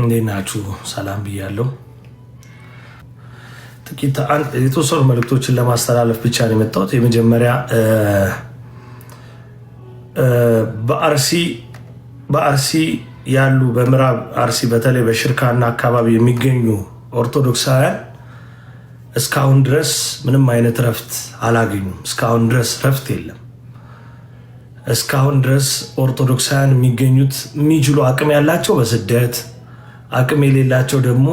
እንዴት ናችሁ? ሰላም ብያለሁ። ጥቂት የተወሰኑ መልእክቶችን ለማስተላለፍ ብቻ ነው የመጣሁት። የመጀመሪያ በአርሲ ያሉ በምዕራብ አርሲ በተለይ በሽርካና አካባቢ የሚገኙ ኦርቶዶክሳውያን እስካሁን ድረስ ምንም አይነት ረፍት አላገኙም። እስካሁን ድረስ ረፍት የለም። እስካሁን ድረስ ኦርቶዶክሳውያን የሚገኙት የሚችሉ አቅም ያላቸው በስደት አቅም የሌላቸው ደግሞ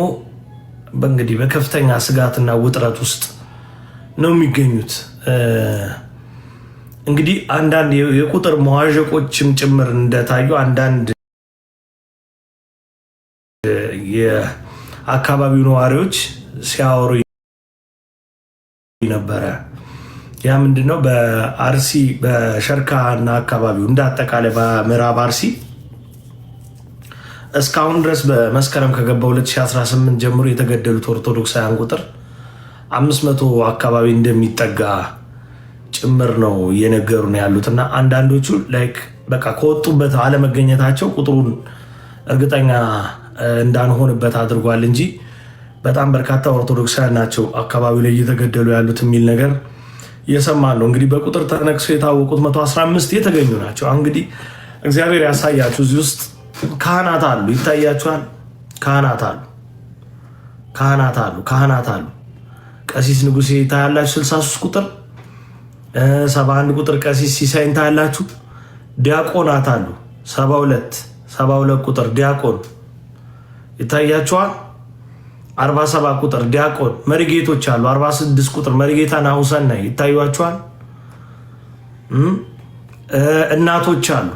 በእንግዲህ በከፍተኛ ስጋትና ውጥረት ውስጥ ነው የሚገኙት። እንግዲህ አንዳንድ የቁጥር መዋዠቆችም ጭምር እንደታዩ አንዳንድ የአካባቢው ነዋሪዎች ሲያወሩ ነበረ። ያ ምንድነው በአርሲ በሸርካና አካባቢው እንደ አጠቃላይ በምዕራብ አርሲ እስካሁን ድረስ በመስከረም ከገባ 2018 ጀምሮ የተገደሉት ኦርቶዶክሳውያን ቁጥር 500 አካባቢ እንደሚጠጋ ጭምር ነው ነው ያሉት እና አንዳንዶቹ ላይክ በቃ ከወጡበት አለመገኘታቸው ቁጥሩን እርግጠኛ እንዳንሆንበት አድርጓል እንጂ በጣም በርካታ ኦርቶዶክሳውያን ናቸው አካባቢው ላይ እየተገደሉ ያሉት የሚል ነገር እየሰማን ነው። እንግዲህ በቁጥር ተነቅሰው የታወቁት 115 የተገኙ ናቸው። እንግዲህ እግዚአብሔር ያሳያችሁ እዚህ ውስጥ ካህናት አሉ፣ ይታያችኋል። ካህናት አሉ፣ ካህናት አሉ፣ ካህናት አሉ። ቀሲስ ንጉሴ ታያላችሁ፣ 63 ቁጥር 71 ቁጥር ቀሲስ ሲሳይን ታያላችሁ። ዲያቆናት አሉ፣ 72 72 ቁጥር ዲያቆን ይታያችኋል። 47 ቁጥር ዲያቆን መሪጌቶች አሉ። 46 ቁጥር መሪጌታ ናሁሰናይ ይታዩችኋል። እናቶች አሉ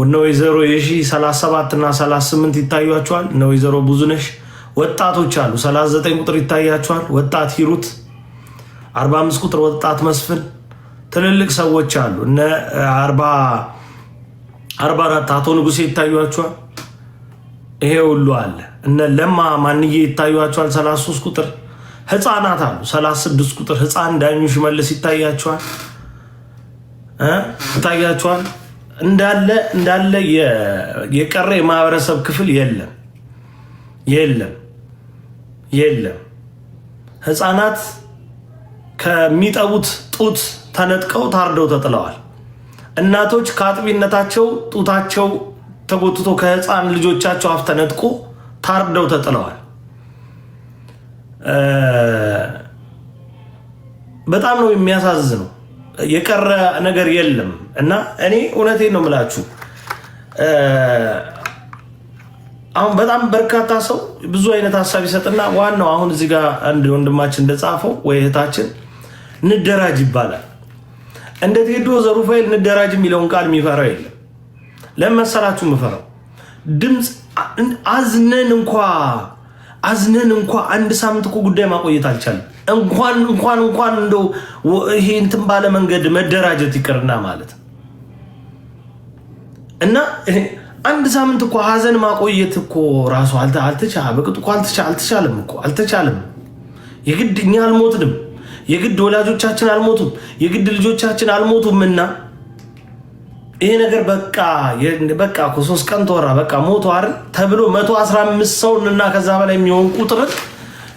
እነ ወይዘሮ የሺ 37 እና 38 ይታያቸዋል። እነ ወይዘሮ ብዙነሽ ወጣቶች አሉ። 39 ቁጥር ይታያቸዋል። ወጣት ሂሩት 45 ቁጥር ወጣት መስፍን ትልልቅ ሰዎች አሉ። እነ 44 አቶ ንጉሴ ይታያቸዋል። ይሄ ሁሉ አለ። እነ ለማ ማንዬ ይታያቸዋል። 33 ቁጥር ህፃናት አሉ። 36 ቁጥር ህፃን ዳኙ ሽመልስ ይታያቸዋል ይታያቸዋል። እንዳለ እንዳለ የቀረ የማህበረሰብ ክፍል የለም የለም የለም። ህፃናት ከሚጠቡት ጡት ተነጥቀው ታርደው ተጥለዋል። እናቶች ከአጥቢነታቸው ጡታቸው ተጎትቶ ከህፃን ልጆቻቸው አፍ ተነጥቆ ታርደው ተጥለዋል። በጣም ነው የሚያሳዝነው። የቀረ ነገር የለም እና እኔ እውነቴን ነው የምላችሁ። አሁን በጣም በርካታ ሰው ብዙ አይነት ሀሳብ ይሰጥና ዋናው አሁን እዚህ ጋር አንድ ወንድማችን እንደጻፈው ወይ እህታችን ንደራጅ ይባላል። እንደ ቴዶ ዘሩፋኤል ንደራጅ የሚለውን ቃል የሚፈራው የለም። ለመሰላችሁ የምፈራው ድምፅ አዝነን እንኳ አዝነን እንኳ አንድ ሳምንት እኮ ጉዳይ ማቆየት አልቻለም። እንኳን እንኳን እንኳን እንደ ይሄ እንትን ባለ መንገድ መደራጀት ይቅርና ማለት እና አንድ ሳምንት እኮ ሀዘን ማቆየት እኮ ራሱ በቅጡ እኮ አልተቻለም እኮ አልተቻለም። የግድ እኛ አልሞትንም፣ የግድ ወላጆቻችን አልሞቱም፣ የግድ ልጆቻችን አልሞቱም። እና ይሄ ነገር በቃ በቃ ሶስት ቀን ተወራ በቃ ሞቱ አይደል ተብሎ መቶ አስራ አምስት ሰውን እና ከዛ በላይ የሚሆን ቁጥርን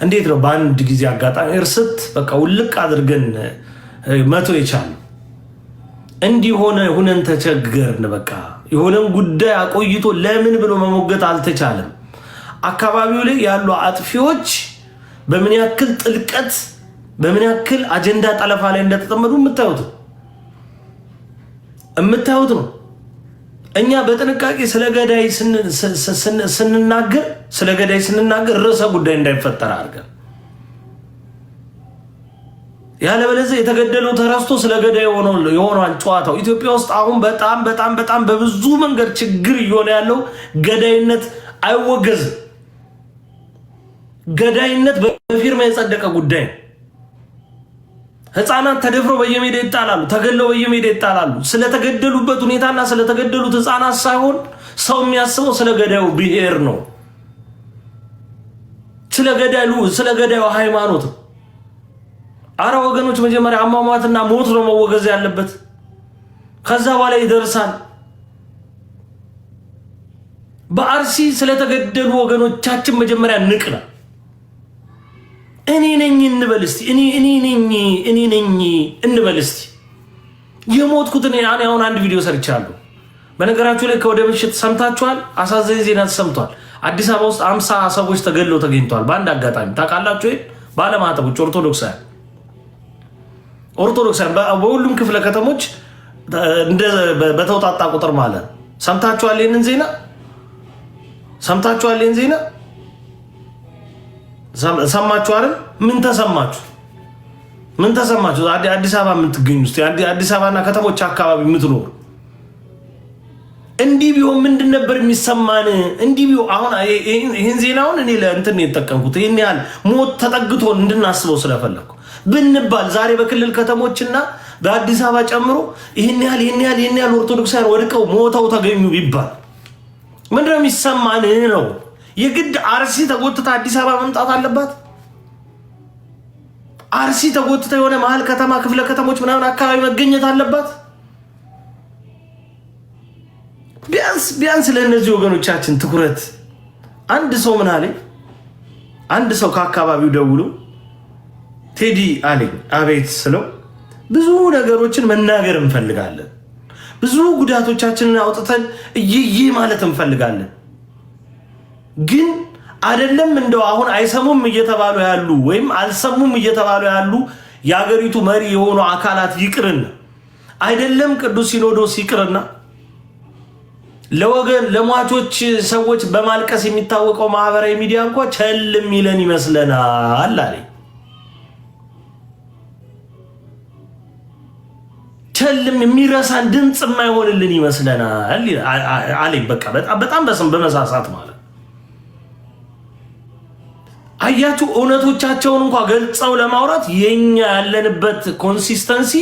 እንዴት ነው በአንድ ጊዜ አጋጣሚ እርስት በቃ ውልቅ አድርገን መቶ የቻሉ እንዲሆነ ሁነን ተቸገርን። በቃ የሆነን ጉዳይ አቆይቶ ለምን ብሎ መሞገት አልተቻለም። አካባቢው ላይ ያሉ አጥፊዎች በምን ያክል ጥልቀት በምን ያክል አጀንዳ ጠለፋ ላይ እንደተጠመዱ የምታዩት የምታዩት ነው። እኛ በጥንቃቄ ስለ ገዳይ ስንናገር ስለ ገዳይ ስንናገር ርዕሰ ጉዳይ እንዳይፈጠር አድርገን ያለበለዚያ የተገደለው ተረስቶ ስለ ገዳይ የሆኗል ጨዋታው። ኢትዮጵያ ውስጥ አሁን በጣም በጣም በጣም በብዙ መንገድ ችግር እየሆነ ያለው ገዳይነት አይወገዝም። ገዳይነት በፊርማ የጸደቀ ጉዳይ ነው። ህፃናት ተደፍረው በየሜዳ ይጣላሉ፣ ተገለው በየሜዳ ይጣላሉ። ስለተገደሉበት ሁኔታና ስለተገደሉት ህፃናት ሳይሆን ሰው የሚያስበው ስለ ገዳዩ ብሔር ነው፣ ስለ ገዳዩ ስለ ገዳዩ ሃይማኖት አረ ወገኖች መጀመሪያ አሟሟትና ሞት ነው መወገዝ ያለበት። ከዛ በኋላ ይደርሳል። በአርሲ ስለተገደሉ ወገኖቻችን መጀመሪያ ንቅና እኔ ነኝ እንበል እስቲ። እኔ እኔ ነኝ እኔ ነኝ እንበል እስቲ። የሞትኩት እኔ አሁን አንድ ቪዲዮ ሰርቻለሁ። በነገራችሁ ላይ ከወደ ምሽት ሰምታችኋል። አሳዘኝ ዜና ተሰምቷል። አዲስ አበባ ውስጥ አምሳ ሰዎች ተገድለው ተገኝተዋል። በአንድ አጋጣሚ ታውቃላችሁ። ባለማተቦች ኦርቶዶክሳውያን ኦርቶዶክሳውያን በሁሉም ክፍለ ከተሞች በተውጣጣ ቁጥር ማለት ሰምታችኋል ይህንን ዜና ሰምታችኋል ይህን ዜና ሰማችሁ አይደል? ምን ተሰማችሁ? ምን ተሰማችሁ? አዲስ አበባ የምትገኙ ስ አዲስ አበባና ከተሞች አካባቢ የምትኖሩ እንዲህ ቢሆን ምንድን ነበር የሚሰማን? እንዲህ ቢሆን አሁን ይህን ዜናውን እኔ ለእንትን የተጠቀምኩት ይህን ያህል ሞት ተጠግቶ እንድናስበው ስለፈለግኩ ብንባል ዛሬ በክልል ከተሞችና በአዲስ አበባ ጨምሮ ይህን ያህል ይህን ያህል ይህን ያህል ኦርቶዶክሳውያን ወድቀው ሞተው ተገኙ ቢባል ምንድነው የሚሰማን ነው የግድ አርሲ ተጎትታ አዲስ አበባ መምጣት አለባት? አርሲ ተጎትታ የሆነ መሀል ከተማ ክፍለ ከተሞች ምናምን አካባቢ መገኘት አለባት? ቢያንስ ቢያንስ ለእነዚህ ወገኖቻችን ትኩረት። አንድ ሰው ምን አለኝ፣ አንድ ሰው ከአካባቢው ደውሎ ቴዲ አለኝ። አቤት ስለው ብዙ ነገሮችን መናገር እንፈልጋለን፣ ብዙ ጉዳቶቻችንን አውጥተን እይይ ማለት እንፈልጋለን ግን አይደለም እንደው አሁን አይሰሙም እየተባሉ ያሉ ወይም አልሰሙም እየተባሉ ያሉ የአገሪቱ መሪ የሆኑ አካላት ይቅርና አይደለም ቅዱስ ሲኖዶስ ይቅርና ለወገን ለሟቾች ሰዎች በማልቀስ የሚታወቀው ማህበራዊ ሚዲያ እንኳ ቸል የሚለን ይመስለናል አለ። ቸልም የሚረሳን ድምፅ የማይሆንልን ይመስለናል አለኝ። በቃ በጣም በስም በመሳሳት ማለት አያችሁ እውነቶቻቸውን እንኳ ገልጸው ለማውራት የኛ ያለንበት ኮንሲስተንሲ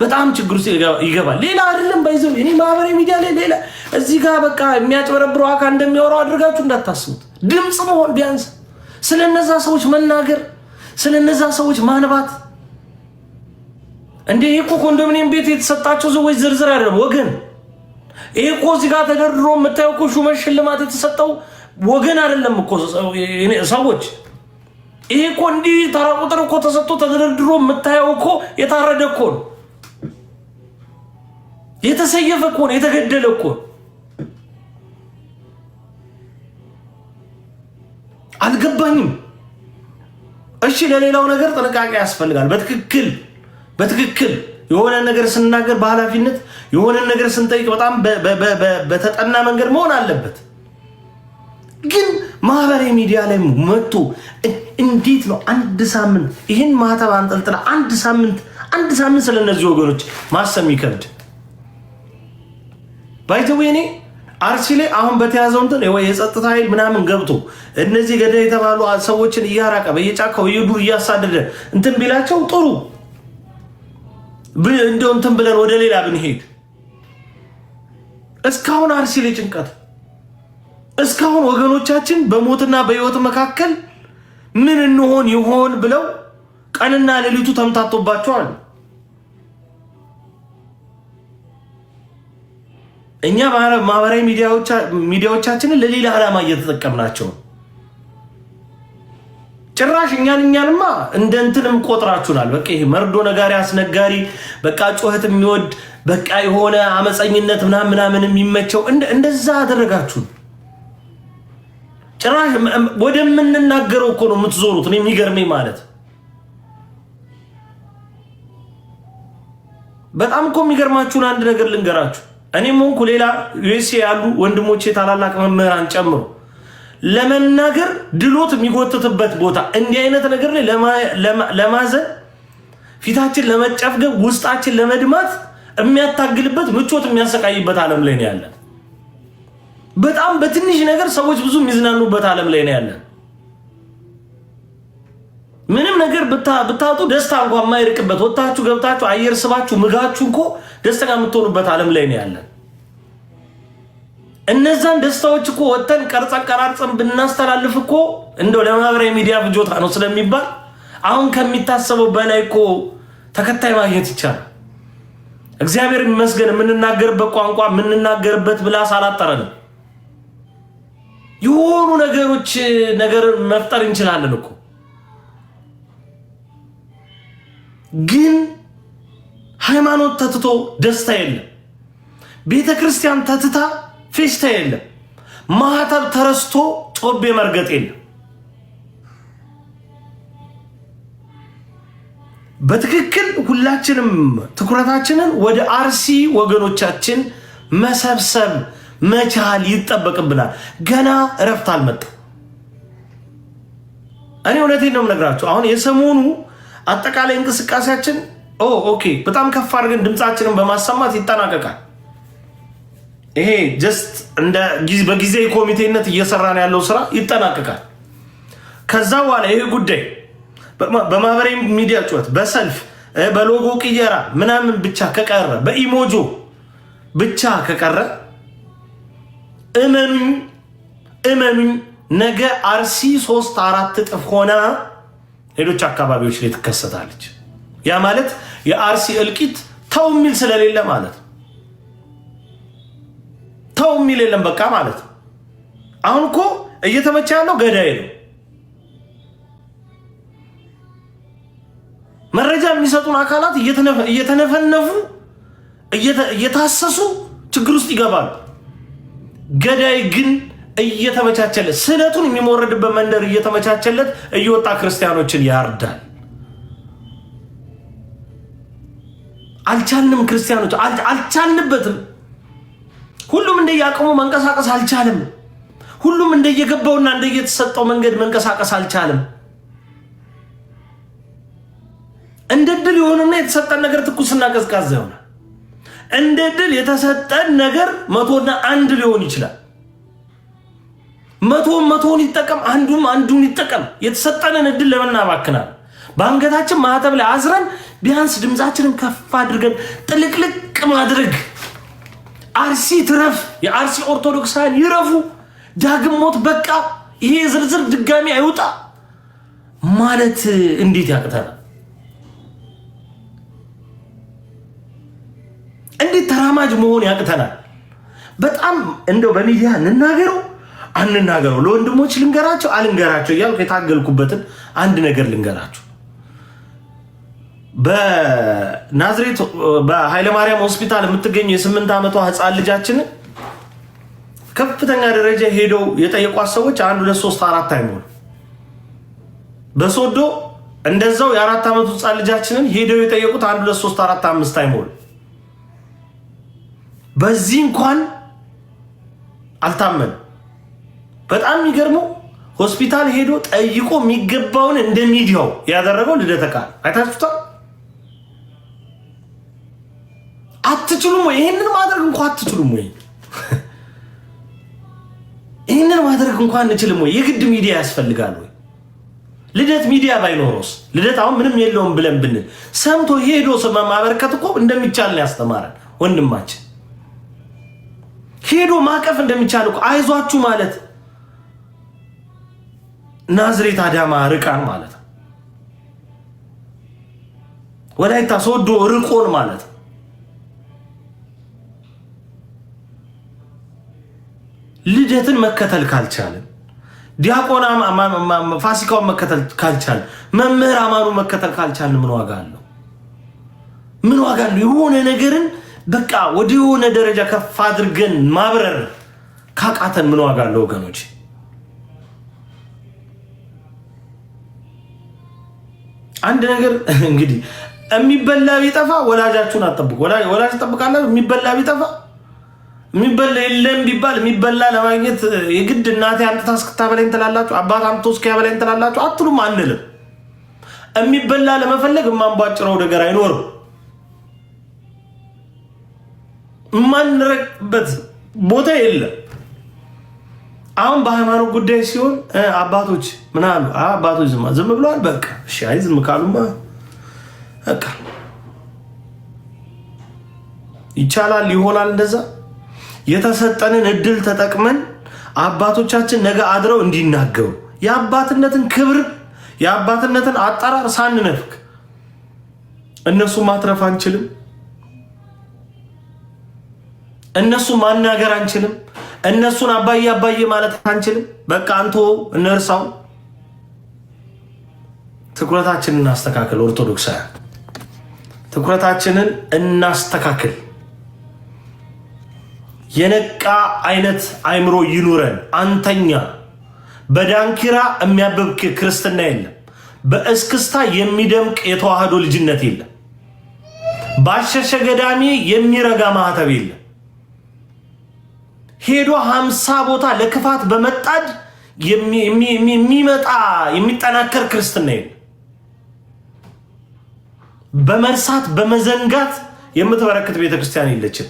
በጣም ችግር ውስጥ ይገባል። ሌላ አይደለም ባይዘው እኔ ማህበራዊ ሚዲያ ላይ ሌላ እዚህ ጋር በቃ የሚያጭበረብሩ አካል እንደሚያወራው አድርጋችሁ እንዳታስቡት። ድምፅ መሆን ቢያንስ ስለነዛ ሰዎች መናገር፣ ስለነዛ ሰዎች ማንባት እንዴ ይሄ እኮ ኮንዶሚኒየም ቤት የተሰጣቸው ሰዎች ዝርዝር አይደለም ወገን። ይሄ እኮ እዚህ ጋር ተደርድሮ የምታየው እኮ ሹመት ሽልማት የተሰጠው ወገን አይደለም እኮ ሰዎች። ይሄ እኮ እንዲህ ተራ ቁጥር እኮ ተሰጥቶ ተደርድሮ የምታየው እኮ የታረደ እኮ ነው፣ የተሰየፈ እኮ ነው፣ የተገደለ እኮ አልገባኝም። እሺ ለሌላው ነገር ጥንቃቄ ያስፈልጋል። በትክክል በትክክል የሆነ ነገር ስናገር በኃላፊነት የሆነ ነገር ስንጠይቅ በጣም በተጠና መንገድ መሆን አለበት። ግን ማህበራዊ ሚዲያ ላይ መጥቶ እንዴት ነው አንድ ሳምንት ይህን ማህተብ አንጠልጥላ አንድ ሳምንት አንድ ሳምንት ስለ እነዚህ ወገኖች ማሰብ ይከብድ ባይተዌ እኔ አርሲ ላይ አሁን በተያዘው እንትን የጸጥታ ኃይል ምናምን ገብቶ እነዚህ ገደ የተባሉ ሰዎችን እያራቀ በየጫካው በየዱር እያሳደደ እንትን ቢላቸው ጥሩ እንደው እንትን ብለን ወደ ሌላ ብንሄድ እስካሁን አርሲ ላይ ጭንቀት እስካሁን ወገኖቻችን በሞትና በህይወት መካከል ምን እንሆን ይሆን ብለው ቀንና ሌሊቱ ተምታቶባቸዋል። እኛ ማህበራዊ ሚዲያዎቻችንን ለሌላ ዓላማ እየተጠቀምናቸው ጭራሽ እኛን እኛንማ እንደ እንትንም ቆጥራችሁናል። በቃ ይሄ መርዶ ነጋሪ አስነጋሪ፣ በቃ ጩኸት የሚወድ በቃ የሆነ አመፀኝነት ምናምን ምናምን የሚመቸው እንደዛ አደረጋችሁን። ጭራሽ ወደምንናገረው እኮ ነው የምትዞሩት። እኔ የሚገርመኝ ማለት በጣም እኮ የሚገርማችሁን አንድ ነገር ልንገራችሁ። እኔም ሆንኩ ሌላ ዩኤስኤ ያሉ ወንድሞቼ ታላላቅ መምህራን ጨምሮ ለመናገር ድሎት የሚጎትትበት ቦታ እንዲህ አይነት ነገር ላይ ለማዘን ፊታችን ለመጨፍገብ ውስጣችን ለመድማት የሚያታግልበት ምቾት የሚያሰቃይበት ዓለም ላይ ነው ያለን። በጣም በትንሽ ነገር ሰዎች ብዙ የሚዝናኑበት ዓለም ላይ ነው ያለን። ምንም ነገር ብታጡ ደስታ እንኳን የማይርቅበት ወታችሁ ገብታችሁ አየር ስባችሁ ምጋችሁ እኮ ደስተኛ የምትሆኑበት ዓለም ላይ ነው ያለን። እነዛን ደስታዎች እኮ ወጥተን ቀርጸን ቀራርጸን ብናስተላልፍ እኮ እንደው ለማህበራዊ ሚዲያ ፍጆታ ነው ስለሚባል አሁን ከሚታሰበው በላይ እኮ ተከታይ ማግኘት ይቻላል። እግዚአብሔር ይመስገን የምንናገርበት ቋንቋ የምንናገርበት ብላስ አላጠረንም። የሆኑ ነገሮች ነገር መፍጠር እንችላለን እኮ ግን ሃይማኖት ተትቶ ደስታ የለም። ቤተ ክርስቲያን ተትታ ፌስታ የለም። ማህተብ ተረስቶ ጦቤ መርገጥ የለም። በትክክል ሁላችንም ትኩረታችንን ወደ አርሲ ወገኖቻችን መሰብሰብ መቻል ይጠበቅብናል። ገና እረፍት አልመጣም። እኔ እውነቴን ነው የምነግራችሁ። አሁን የሰሞኑ አጠቃላይ እንቅስቃሴያችን ኦኬ፣ በጣም ከፍ አድርገን ድምፃችንን በማሰማት ይጠናቀቃል። ይሄ ጀስት እንደ በጊዜ ኮሚቴነት እየሰራን ያለው ስራ ይጠናቀቃል። ከዛ በኋላ ይሄ ጉዳይ በማህበራዊ ሚዲያ ጩኸት፣ በሰልፍ በሎጎ ቅየራ ምናምን ብቻ ከቀረ በኢሞጆ ብቻ ከቀረ እመኑኝ እመኑኝ ነገ አርሲ ሶስት አራት እጥፍ ሆና ሌሎች አካባቢዎች ላይ ትከሰታለች። ያ ማለት የአርሲ እልቂት ተው የሚል ስለሌለ ማለት ተው የሚል የለም በቃ ማለት ነው። አሁን እኮ እየተመቸ ያለው ገዳይ ነው። መረጃ የሚሰጡን አካላት እየተነፈነፉ እየታሰሱ ችግር ውስጥ ይገባሉ። ገዳይ ግን እየተመቻቸለት ስዕለቱን የሚሞረድበት መንደር እየተመቻቸለት እየወጣ ክርስቲያኖችን ያርዳል። አልቻልንም፣ ክርስቲያኖች አልቻልንበትም። ሁሉም እንደየአቅሙ መንቀሳቀስ አልቻልም። ሁሉም እንደየገባውና እንደየተሰጠው መንገድ መንቀሳቀስ አልቻልም። እንደ ድል የሆነና የተሰጠን ነገር ትኩስና ቀዝቃዛ ይሆናል። እንደ ድል የተሰጠን ነገር መቶና አንድ ሊሆን ይችላል። መቶን መቶውን ይጠቀም፣ አንዱም አንዱን ይጠቀም። የተሰጠንን እድል ለምናባክናል? በአንገታችን ማህተብ ላይ አዝረን ቢያንስ ድምፃችንን ከፍ አድርገን ጥልቅልቅ ማድረግ። አርሲ ትረፍ፣ የአርሲ ኦርቶዶክሳውያን ይረፉ። ዳግም ሞት በቃ፣ ይሄ ዝርዝር ድጋሚ አይውጣ ማለት እንዴት ያቅተናል? እንዴት ተራማጅ መሆን ያቅተናል? በጣም እንደው በሚዲያ እንናገረው አንናገረው፣ ለወንድሞች ልንገራቸው አልንገራቸው እያልኩ የታገልኩበትን አንድ ነገር ልንገራቸው። በናዝሬት በኃይለማርያም ሆስፒታል የምትገኙ የስምንት ዓመቷ ህፃን ልጃችንን ከፍተኛ ደረጃ ሄደው የጠየቋት ሰዎች አንድ ሁለት ሶስት አራት አይሞሉ። በሶዶ እንደዛው የአራት ዓመቱ ህፃን ልጃችንን ሄደው የጠየቁት አንድ ሁለት ሶስት አራት አምስት አይሞሉ። በዚህ እንኳን አልታመን። በጣም የሚገርመው ሆስፒታል ሄዶ ጠይቆ የሚገባውን እንደ ሚዲያው ያደረገው ልደተ ቃል አይታችሁታል። አትችሉም ወይ? ይህንን ማድረግ እንኳ አትችሉም ወይ? ይህንን ማድረግ እንኳ አንችልም ወይ? የግድ ሚዲያ ያስፈልጋል ወይ? ልደት ሚዲያ ባይኖረውስ? ልደት አሁን ምንም የለውም ብለን ብንል ሰምቶ ሄዶ ማበረከት እኮ እንደሚቻል ያስተማረን ወንድማችን ሄዶ ማቀፍ እንደሚቻል እኮ አይዟችሁ ማለት ናዝሬት አዳማ ርቃን ማለት ወላይታ ሶዶ ርቆን ማለት ልደትን መከተል ካልቻልን፣ ዲያቆና ፋሲካውን መከተል ካልቻልን፣ መምህር አማኑ መከተል ካልቻልን ምን ዋጋ አለው? ምን ዋጋ አለው? የሆነ ነገርን በቃ ወደ የሆነ ደረጃ ከፍ አድርገን ማብረር ካቃተን ምን ዋጋ አለው ወገኖች? አንድ ነገር እንግዲህ የሚበላ ቢጠፋ ወላጃችሁን አጠብቁ። ወላጅ ትጠብቃላችሁ። የሚበላ ቢጠፋ የሚበላ የለም ቢባል የሚበላ ለማግኘት የግድ እናቴ አምጥታ እስክታበላኝ ትላላችሁ፣ አባት አምጥቶ እስኪያበላኝ ትላላችሁ። አትሉም አንልም። የሚበላ ለመፈለግ የማንቧጭረው ነገር አይኖርም። የማንረቅበት ቦታ የለም። አሁን በሃይማኖት ጉዳይ ሲሆን አባቶች ምን አሉ? አባቶች ዝም ዝም ብለዋል። በቃ እሺ፣ አይ ዝም ካሉማ በቃ ይቻላል ይሆናል። እንደዛ የተሰጠንን እድል ተጠቅመን አባቶቻችን ነገ አድረው እንዲናገሩ የአባትነትን ክብር የአባትነትን አጠራር ሳንነፍክ እነሱ ማትረፍ አንችልም። እነሱ ማናገር አንችልም። እነሱን አባዬ አባዬ ማለት አንችልም። በቃ አንቶ እነርሳው ትኩረታችንን እናስተካክል። ኦርቶዶክሳውያን ትኩረታችንን እናስተካክል። የነቃ አይነት አይምሮ ይኑረን። አንተኛ በዳንኪራ የሚያበብክ ክርስትና የለም። በእስክስታ የሚደምቅ የተዋህዶ ልጅነት የለም። ባሸሸ ገዳሜ የሚረጋ ማህተብ የለም። ሄዶ ሀምሳ ቦታ ለክፋት በመጣድ የሚመጣ የሚጠናከር ክርስትና የለም። በመርሳት በመዘንጋት የምትበረክት ቤተክርስቲያን የለችም።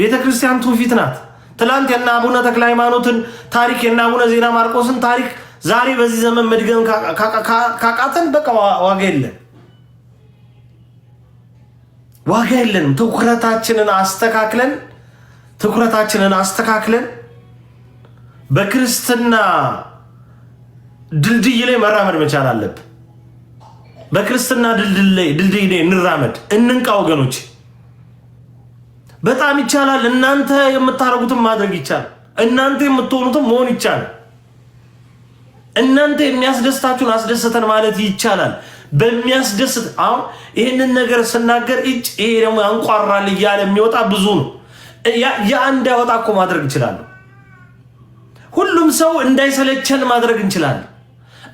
ቤተክርስቲያን ትውፊት ናት። ትላንት የና አቡነ ተክለ ሃይማኖትን ታሪክ የና አቡነ ዜና ማርቆስን ታሪክ ዛሬ በዚህ ዘመን መድገም ካቃተን በቃ ዋጋ የለን ዋጋ የለንም። ትኩረታችንን አስተካክለን ትኩረታችንን አስተካክለን በክርስትና ድልድይ ላይ መራመድ መቻል አለብን። በክርስትና ድልድይ ላይ እንራመድ፣ እንንቃ ወገኖች። በጣም ይቻላል። እናንተ የምታደርጉትን ማድረግ ይቻላል። እናንተ የምትሆኑትን መሆን ይቻላል። እናንተ የሚያስደስታችሁን አስደስተን ማለት ይቻላል። በሚያስደስት አሁን ይህንን ነገር ስናገር እጭ ይሄ ደግሞ ያንቋራል እያለ የሚወጣ ብዙ ነው። ያ እንዳይወጣ እኮ ማድረግ እንችላለሁ። ሁሉም ሰው እንዳይሰለቸን ማድረግ እንችላለን።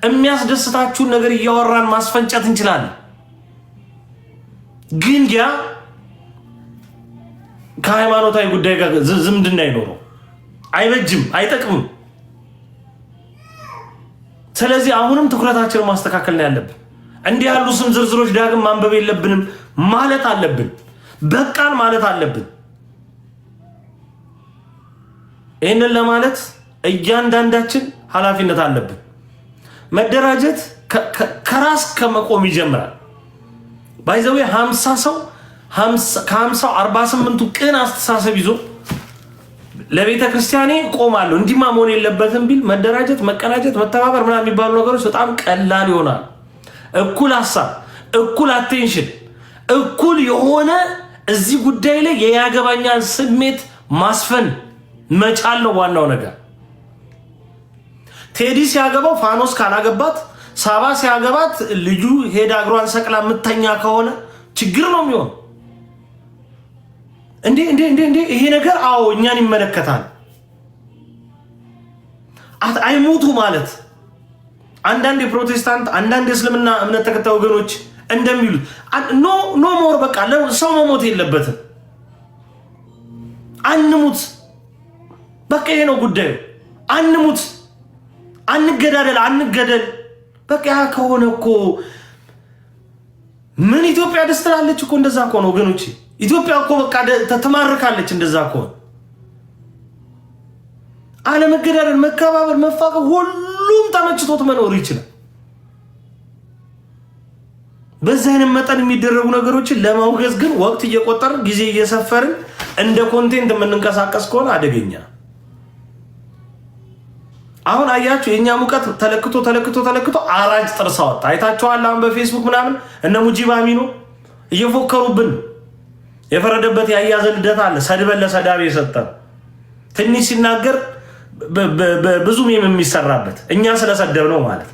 የሚያስደስታችሁን ነገር እያወራን ማስፈንጨት እንችላለን። ግን ያ ከሃይማኖታዊ ጉዳይ ጋር ዝምድና አይኖረው፣ አይበጅም፣ አይጠቅምም። ስለዚህ አሁንም ትኩረታችንን ማስተካከል ነው ያለብን። እንዲህ ያሉ ስም ዝርዝሮች ዳግም ማንበብ የለብንም ማለት አለብን። በቃን ማለት አለብን። ይህንን ለማለት እያንዳንዳችን ኃላፊነት አለብን። መደራጀት ከራስ ከመቆም ይጀምራል። ባይዘዊ ሀምሳ ሰው ከሀምሳው አርባ ስምንቱ ቅን አስተሳሰብ ይዞ ለቤተ ክርስቲያኔ ቆማለሁ እንዲማ መሆን የለበትም ቢል መደራጀት፣ መቀናጀት፣ መተባበር ምናምን የሚባሉ ነገሮች በጣም ቀላል ይሆናል። እኩል ሀሳብ፣ እኩል አቴንሽን፣ እኩል የሆነ እዚህ ጉዳይ ላይ የያገባኛን ስሜት ማስፈን መጫን ነው ዋናው ነገር። ቴዲ ሲያገባው ፋኖስ ካላገባት፣ ሳባ ሲያገባት ልጁ ሄዳ እግሯን ሰቅላ የምተኛ ከሆነ ችግር ነው የሚሆን። እንዴ እንዴ እንዴ እንዴ! ይሄ ነገር አዎ እኛን ይመለከታል። አይሞቱ ማለት አንዳንድ የፕሮቴስታንት አንዳንድ የእስልምና እምነት ተከታይ ወገኖች እንደሚሉት ኖ ኖ ሞር በቃ ሰው መሞት የለበትም። አንሙት በቃ ይሄ ነው ጉዳዩ። አንሙት፣ አንገዳደል፣ አንገደል። በቃ ያ ከሆነ እኮ ምን ኢትዮጵያ ደስ ትላለች እኮ እንደዛ ከሆነ ወገኖች፣ ኢትዮጵያ እኮ በቃ ተማርካለች እንደዛ ከሆነ። አለመገዳደል፣ መከባበር፣ መፋቀር፣ ሁሉም ተመችቶት መኖር ይችላል። በዚህ አይነት መጠን የሚደረጉ ነገሮችን ለማውገዝ ግን ወቅት እየቆጠርን ጊዜ እየሰፈርን እንደ ኮንቴንት የምንንቀሳቀስ ከሆነ አደገኛ አሁን አያችሁ የእኛ ሙቀት ተለክቶ ተለክቶ ተለክቶ አራጅ ጥርስ አወጣ። አይታችኋል። አሁን በፌስቡክ ምናምን እነ ሙጂባ ሚኑ እየፎከሩብን የፈረደበት ያያዘ ልደት አለ። ሰድበን ለሰዳቢ የሰጠን ትንሽ ሲናገር ብዙ ሜም የሚሰራበት እኛ ስለሰደብ ነው ማለት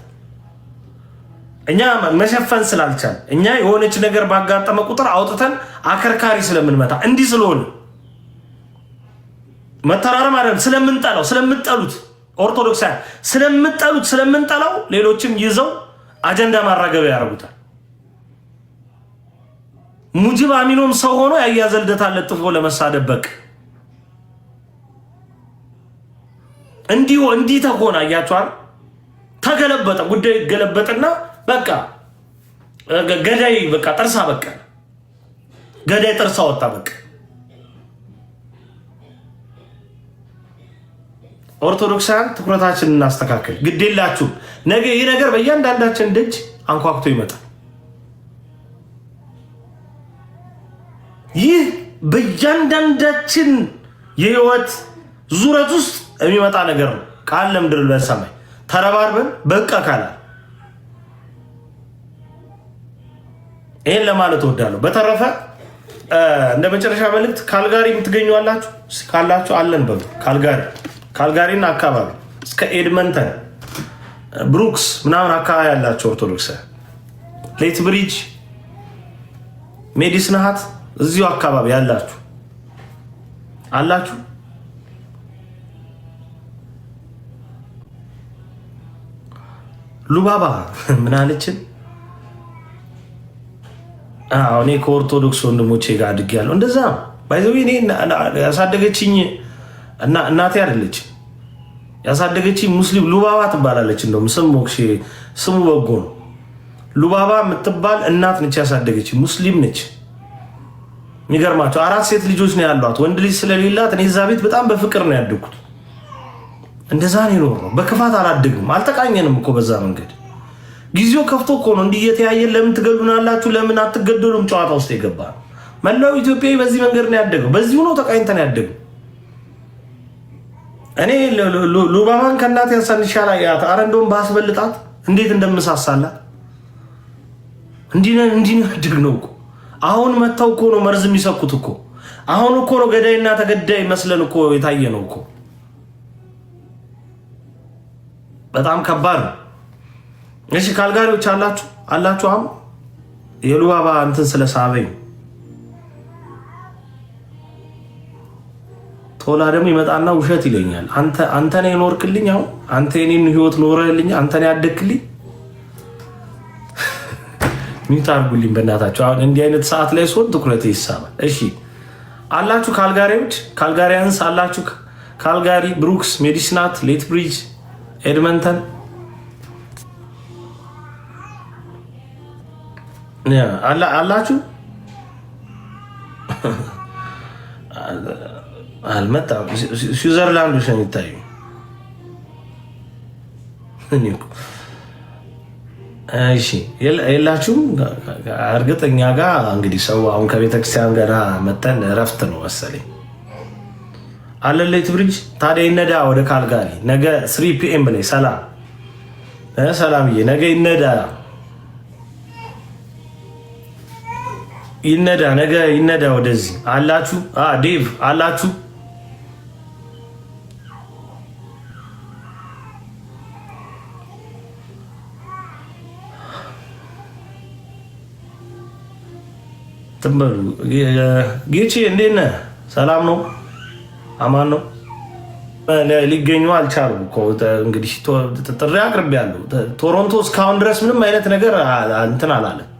እኛ መሸፈን ስላልቻል እኛ የሆነች ነገር ባጋጠመ ቁጥር አውጥተን አከርካሪ ስለምንመታ እንዲህ ስለሆነ መተራረም አይደለም ስለምንጠላው ስለምንጠሉት ኦርቶዶክሳን ስለምጠሉት ስለምንጠላው ሌሎችም ይዘው አጀንዳ ማራገቢያ ያደርጉታል። ሙጅብ አሚኖም ሰው ሆኖ ያያዘ ልደታ ለጥፎ ለመሳደበቅ እንዲሁ እንዲህ ተሆነ አያችኋል። ተገለበጠ ጉዳይ ገለበጥና በቃ ገዳይ በቃ ጥርሳ በቃ ገዳይ ጥርሳ ወጣ በቃ ኦርቶዶክሳን ትኩረታችን እናስተካክል። ግዴላችሁ ነገ ይህ ነገር በእያንዳንዳችን ደጅ አንኳኩቶ ይመጣል። ይህ በእያንዳንዳችን የህይወት ዙረት ውስጥ የሚመጣ ነገር ነው። ቃል ለምድር በሰማይ ተረባርበን በቃ ካላል ይህን ለማለት እወዳለሁ። በተረፈ እንደ መጨረሻ መልእክት ካልጋሪ የምትገኙ አላችሁ ካላችሁ አለን በሉ ካልጋሪ ካልጋሪና አካባቢ እስከ ኤድመንተን ብሩክስ ምናምን አካባቢ ያላቸው ኦርቶዶክስ ሌት ብሪጅ ሜዲስ ነሃት እዚሁ አካባቢ ያላችሁ አላችሁ ሉባባ ምን እኔ ከኦርቶዶክስ ወንድሞቼ ጋር አድጌያለሁ። እንደዛ ባይዘዊ እኔ ያሳደገችኝ እና እናቴ አይደለች ያሳደገች ሙስሊም ሉባባ ትባላለች። እንደውም ስም ሞክሼ ስሙ በጎ ነው። ሉባባ የምትባል እናት ነች ያሳደገች ሙስሊም ነች። የሚገርማቸው አራት ሴት ልጆች ነው ያሏት። ወንድ ልጅ ስለሌላት እኔ እዛ ቤት በጣም በፍቅር ነው ያደግኩት። እንደዛ ነው ይኖር ነው። በክፋት አላደግም፣ አልተቃኘንም እኮ በዛ መንገድ። ጊዜው ከፍቶ እኮ ነው እንዲህ እየተያየን ለምን ትገሉናላችሁ፣ ለምን አትገደሉም ጨዋታ ውስጥ የገባ መላው ኢትዮጵያዊ በዚህ መንገድ ነው ያደገው። በዚሁ ነው ተቃኝተን ያደገው። እኔ ሉባማን ከእናት ያሳንሻ ላይ ያት አረ እንደውም ባስበልጣት እንዴት እንደምሳሳላት እንዲህ እንዲናድግ ነው እኮ አሁን መጥተው እኮ ነው መርዝ የሚሰኩት እኮ አሁን እኮ ነው ገዳይና ተገዳይ መስለን እኮ የታየ ነው እኮ በጣም ከባድ ነው። እሺ ካልጋሪዎች አላችሁ አላችሁ አሁን የሉባባ እንትን ስለሳበኝ ቶላ ደግሞ ይመጣና ውሸት ይለኛል። አንተ ነው የኖርክልኝ፣ አሁን አንተ የኔን ህይወት ኖረልኝ፣ አንተ ነው ያደግክልኝ። ሚዩት አድርጉልኝ በእናታቸው። አሁን እንዲህ አይነት ሰዓት ላይ ሲሆን ትኩረት ይሳባል። እሺ አላችሁ ካልጋሪዎች፣ ካልጋሪያንስ አላችሁ ካልጋሪ፣ ብሩክስ፣ ሜዲስናት፣ ሌት ብሪጅ፣ ኤድመንተን አላችሁ አልመጣም። ስዊዘርላንዶች ነው የሚታዩ። እሺ የላችሁም? እርግጠኛ ጋር እንግዲህ ሰው አሁን ከቤተክርስቲያን ጋር መጠን እረፍት ነው መሰለኝ። አለለይት ብሪጅ ታዲያ ይነዳ ወደ ካልጋሪ ነገ ስሪ ፒኤም ላይ ሰላም ሰላምዬ፣ ነገ ይነዳ ይነዳ ነገ ይነዳ ወደዚህ አላችሁ ዴቭ አላችሁ ትንበሉ ጌቺ እንዴት ነህ? ሰላም ነው? አማን ነው? ሊገኙ አልቻሉም። እንግዲህ ጥሪ አቅርቤያለሁ። ቶሮንቶ እስካሁን ድረስ ምንም አይነት ነገር እንትን አላለም።